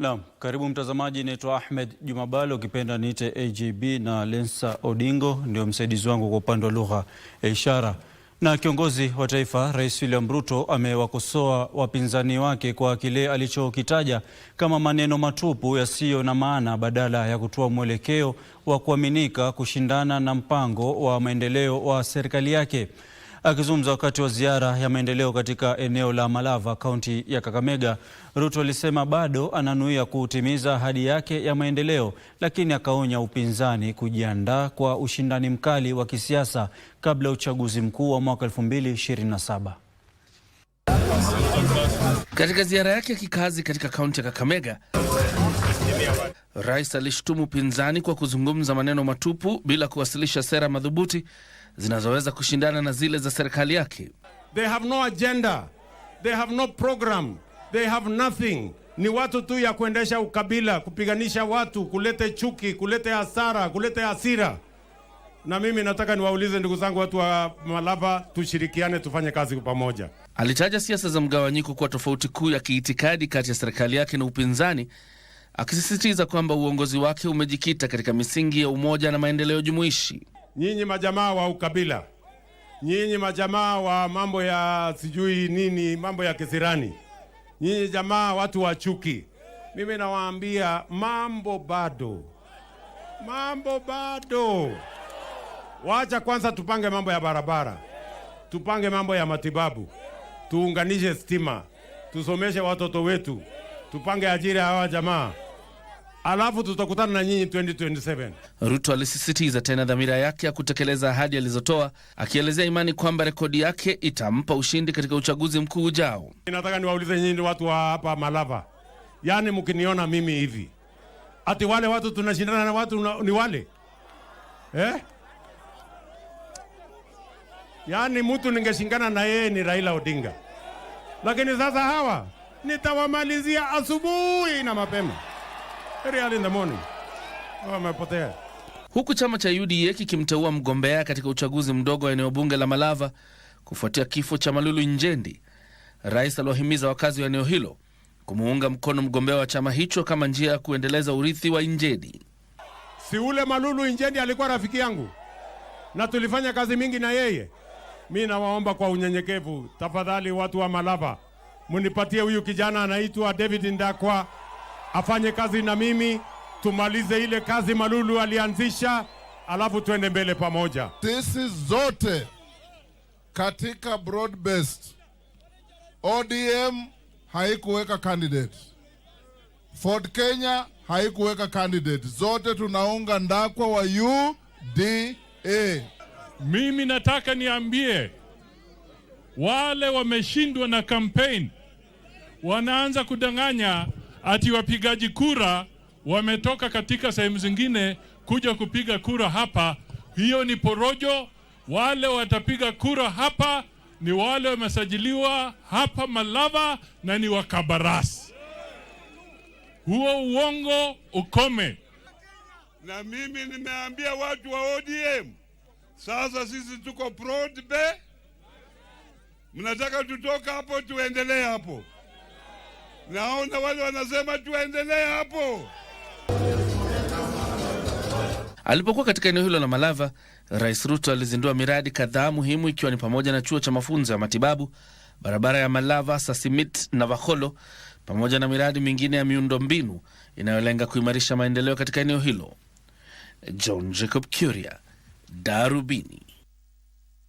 Naam, karibu mtazamaji, naitwa Ahmed Jumabalo, ukipenda niite AJB, na Lensa Odingo ndio msaidizi wangu kwa upande wa lugha ya ishara. Na kiongozi wa taifa Rais William Ruto amewakosoa wapinzani wake kwa kile alichokitaja kama maneno matupu yasiyo na maana badala ya kutoa mwelekeo wa kuaminika kushindana na mpango wa maendeleo wa serikali yake. Akizungumza wakati wa ziara ya maendeleo katika eneo la Malava, kaunti ya Kakamega, Ruto alisema bado ananuia kutimiza ahadi yake ya maendeleo, lakini akaonya upinzani kujiandaa kwa ushindani mkali wa kisiasa kabla ya uchaguzi mkuu wa mwaka 2027. Katika ziara yake ya kikazi katika kaunti ya Kakamega, Rais alishtumu upinzani kwa kuzungumza maneno matupu bila kuwasilisha sera madhubuti zinazoweza kushindana na zile za serikali yake. They have no agenda. They have no program. They have nothing. Ni watu tu ya kuendesha ukabila, kupiganisha watu, kulete chuki, kulete hasara, kulete hasira. Na mimi nataka niwaulize ndugu zangu, watu wa Malava, tushirikiane, tufanye kazi pamoja. Alitaja siasa za mgawanyiko kuwa tofauti kuu ya kiitikadi kati ya serikali yake na upinzani, akisisitiza kwamba uongozi wake umejikita katika misingi ya umoja na maendeleo jumuishi nyinyi majamaa wa ukabila, nyinyi majamaa wa mambo ya sijui nini, mambo ya kisirani, nyinyi jamaa watu wa chuki, mimi nawaambia mambo bado, mambo bado. Wacha kwanza tupange mambo ya barabara, tupange mambo ya matibabu, tuunganishe stima, tusomeshe watoto wetu, tupange ajira hawa jamaa alafu tutakutana na nyinyi 2027. Ruto alisisitiza tena dhamira yake ya kutekeleza ahadi alizotoa, akielezea imani kwamba rekodi yake itampa ushindi katika uchaguzi mkuu ujao. Nataka niwaulize nyinyi watu wa hapa Malava, yaani mkiniona mimi hivi ati wale watu tunashindana na watu una, ni wale eh? Yaani mtu ningeshindana na yeye ni Raila Odinga, lakini sasa hawa nitawamalizia asubuhi na mapema early in the morning. Wamepotea oh, huku chama cha UDA kikimteua mgombea katika uchaguzi mdogo wa eneo bunge la Malava kufuatia kifo cha Malulu Njendi. Rais aliwahimiza wakazi wa eneo hilo kumuunga mkono mgombea wa chama hicho kama njia ya kuendeleza urithi wa Injendi. Si ule Malulu Injendi alikuwa rafiki yangu na tulifanya kazi mingi na yeye. Mi nawaomba kwa unyenyekevu, tafadhali watu wa Malava munipatie huyu kijana anaitwa David Ndakwa afanye kazi na mimi, tumalize ile kazi Malulu alianzisha, alafu tuende mbele pamoja. Sisi zote katika broad based ODM haikuweka candidate, Ford Kenya haikuweka candidate, zote tunaunga ndakwa wa UDA. Mimi nataka niambie wale wameshindwa na campaign wanaanza kudanganya ati wapigaji kura wametoka katika sehemu zingine kuja kupiga kura hapa. Hiyo ni porojo. Wale watapiga kura hapa ni wale wamesajiliwa hapa Malava na ni wakabarasi. Huo uongo ukome. Na mimi nimeambia watu wa ODM, sasa sisi tuko proud be, mnataka tutoka hapo tuendelee hapo. Naona wale wanasema tuendelee hapo. Alipokuwa katika eneo hilo la Malava, Rais Ruto alizindua miradi kadhaa muhimu, ikiwa ni pamoja na chuo cha mafunzo ya matibabu, barabara ya Malava Sasimit na Vaholo, pamoja na miradi mingine ya miundombinu inayolenga kuimarisha maendeleo katika eneo hilo. John Jacob Curia, Darubini.